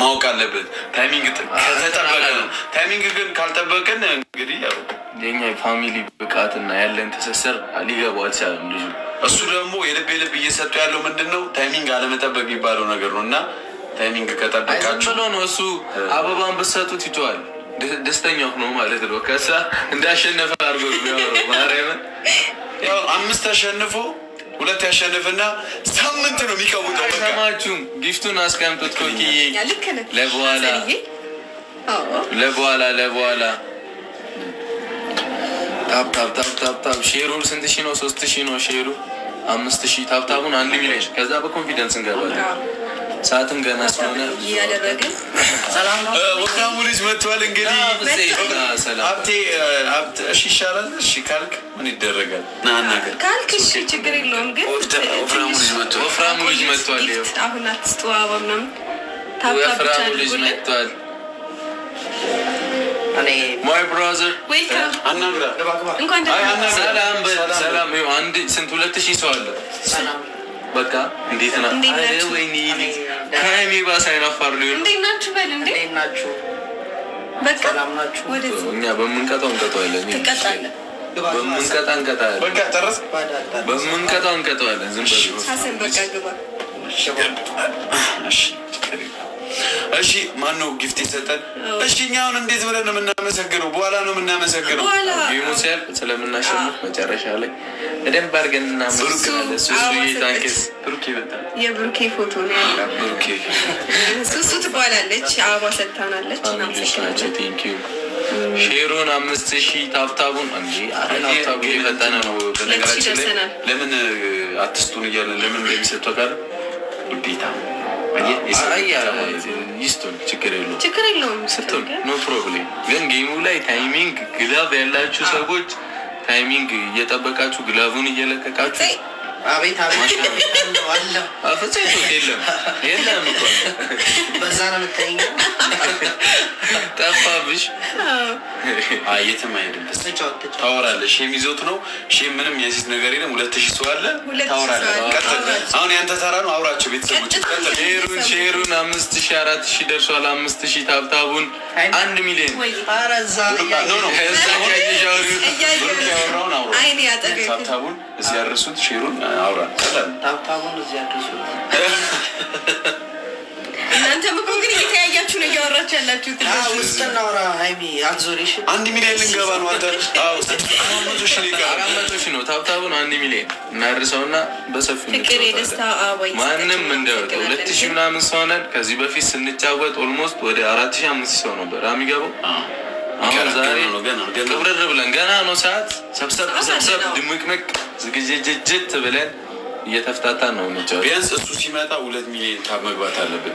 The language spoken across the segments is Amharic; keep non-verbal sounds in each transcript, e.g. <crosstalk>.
ማወቅ አለብን። ታይሚንግ ከተጠበቀ ነው። ታይሚንግ ግን ካልጠበቅን እንግዲህ ያው የኛ የፋሚሊ ብቃትና ያለን ትስስር ሊገባል አልቻለም ልጁ። እሱ ደግሞ የልብ የልብ እየሰጡ ያለው ምንድን ነው ታይሚንግ አለመጠበቅ የሚባለው ነገር ነው እና ታይሚንግ ከጠበቃችሁ ነው እሱ አበባን ብትሰጡት ይተዋል። ደስተኛ ነው ማለት ነው ከሳ እንዳሸነፈ አርጎ አድርጎ ያው አምስት ተሸንፎ ሁለት ያሸንፍና ሳምንት ነው የሚቀውጠው። ሰማችሁም? ጊፍቱን አስቀምጡት። ኮኪዬ ለበኋላ ለበኋላ ለበኋላ ታብታብታብታብታብ ሼሩ ስንት ሺ ነው? ሶስት ሺ ነው ሼሩ፣ አምስት ሺ ታብታቡን አንድ ሚሊዮን ከዛ በኮንፊደንስ እንገባለን። ሰዓትም ገና ስለሆነ ወፍራሙ ልጅ መጥቷል። እንግዲህ ሀብቴ እሺ ይሻላል። እሺ ካልክ ምን ይደረጋል? ናናገር ካልክ እሺ ችግር የለውም። ግን ወፍራሙ ልጅ መጥቷል። አሁን አትስተዋወ ምናምን ወፍራሙ ልጅ መጥቷል። ማይ ብራዘር ሰላም ሰላም። አንድ ስንት ሁለት ሺህ ሰው አለ። በቃ እንዴት ና ወይኔ ከሀይሚ ባሰ አይናፋር ሊሆን እንዴት ናችሁ? በል እንዴት ናችሁ? በቃ እኛ በምንቀጣው እንቀጣዋለን፣ በምንቀጣ እንቀጣለን፣ በምንቀጣ እንቀጣዋለን። ዝም በቃ ግባ እሺ ማን ነው ጊፍት የሰጠን? እሺ እኛ አሁን እንዴት ብለን ነው የምናመሰግነው? በኋላ ነው የምናመሰግነው። ሙሴል ስለምናሸንፍ መጨረሻ ላይ በደንብ አድርገን እናመሰግናለን። የብሩኬ ፎቶ ነው ሱሱ ትባላለች፣ አበባ ሰጥታናለች። ሼሩን አምስት ሺህ ታብታቡን ታብታቡ የፈጠነ ነው። በነገራችን ላይ ለምን አትስጡን እያለን ለምን እንደሚሰጥ ጋር ግዴታ ይስጡን፣ ችግር የለውም ችግር የለውም ስጡን፣ ኖ ፕሮብሌም። ግን ጌሙ ላይ ታይሚንግ ግላቭ ያላችሁ ሰዎች ታይሚንግ እየጠበቃችሁ ግላቡን እየለቀቃችሁ አቤት ጠፋብሽ የትም አይሄድም። ታወራለህ። ሼም ይዞት ነው ሼም ምንም የሴት ነገር የለም። ሁለት ሺህ ሰው አለ። ታወራለህ። አሁን ያንተ ተራ ነው። አውራቸው ቤተሰቦች ሼሩን ሼሩን አምስት ሺህ አራት ሺህ ደርሷል። አምስት ሺህ ታብታቡን አንድ ሚሊዮን ታብታቡን እዚህ ያደርሱት ሼሩን አውራ ታብታቡን እዚህ ያደርሱት <laughs> ሰዎች ያላችሁ ውስጥ እናውራ። ሀይሚ አትዞሪሽ። አንድ ሚሊዮን ልንገባ ነው። ታብታቡን አንድ ሚሊዮን እናድርሰውና በሰፊ ማንም እንዳይወጣ ሁለት ሺ ምናምን ሰው ነን። ከዚህ በፊት ስንጫወት ኦልሞስት ወደ አራት ሺ አምስት ሰው ነበር የሚገባው። አሁን ዛሬ ጥብርር ብለን ገና ነው ሰዓት ሰብሰብ ሰብሰብ ድምቅምቅ ዝግጅጅት ብለን እየተፍታታ ነው። ቢያንስ እሱ ሲመጣ ሁለት ሚሊዮን ካብ መግባት አለብን።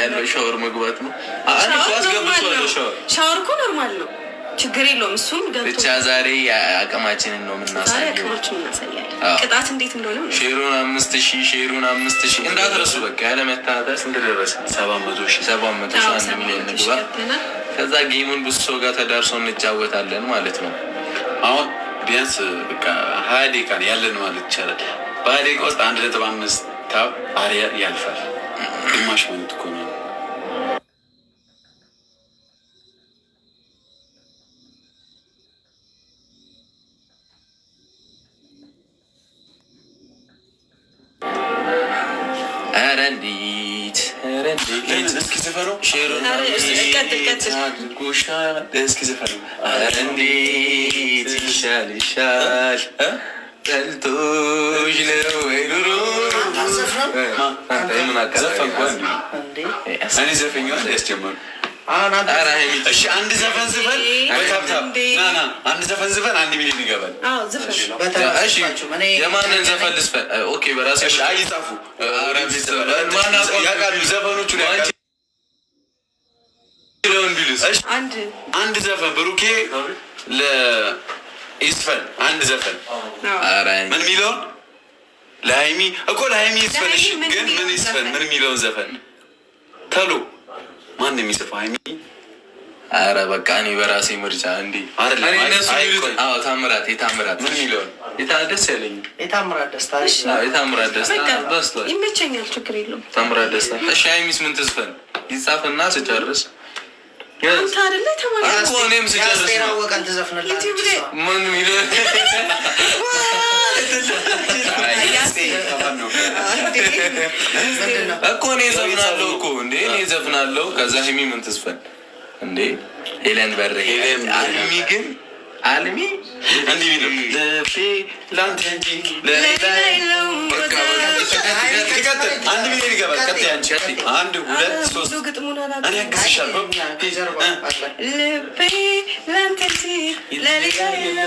ያለው ሻወር መግባት ነው። ሻወር እኮ ኖርማል ነው፣ ችግር የለውም። እሱም ብቻ ዛሬ አቅማችንን ነው የምናሳየው፣ ቅጣት እንዴት እንደሆነ ሼሩን አምስት ሺ ሼሩን አምስት ሺ እንዳትረሱ። በቃ ያለ መታደስ እንደደረሰ ሰባት መቶ ሺ ሰባት መቶ ሺ አንድ ሚሊዮን ንግባ። ከዛ ጌሙን ብሶ ጋር ተዳርሶ እንጫወታለን ማለት ነው። አሁን ቢያንስ በቃ ሀያ ደቂቃ ያለን ማለት ይቻላል። በሀያ ደቂቃ ውስጥ አንድ ነጥብ አምስት ታብ አሪያ ያልፋል። ግማሽ ባንድ እኮ ነው። እንዴት ይሻል ይሻል ጠልቶሽ ነው አንድ ዘፈን ዝፈን አንድ ሚሊዮን ይገባል። የማንን ዘፈን ልስፈን? ኦኬ አይጻፉ ያውቃሉ አንድ ዘፈን ብሩኬ ለይስፈን አንድ ዘፈን ምን ሚለውን ለሀይሚ እኮ ለሀይሚ ይስፈልሽ ግን ምን ይስፈን? ምን የሚለውን ዘፈን ተሎ ማን የሚጽፈው ሀይሚ? አረ በቃ እኔ በራሴ ምርጫ እንዲ ታምራት የታምራት ምን የሚለውን ደስ ያለኝ የታምራት ደስታ የታምራት ደስታ ይመቸኛል። ችግር የለም ታምራት ደስታ እሺ። ሀይሚስ ምን ትዝፈን? ይጻፍና ስጨርስ አንተ ምን ሚለ <laughs> እኮ እኔ ዘፍናለሁ እኮ እንዴ እኔ ዘፍናለሁ። ከዛ ሄሚ ምን ትስፈን እንዴ? ሄለን በሬ አልሚ ግን አልሚ አንድ ሁለት ሶስት እኔ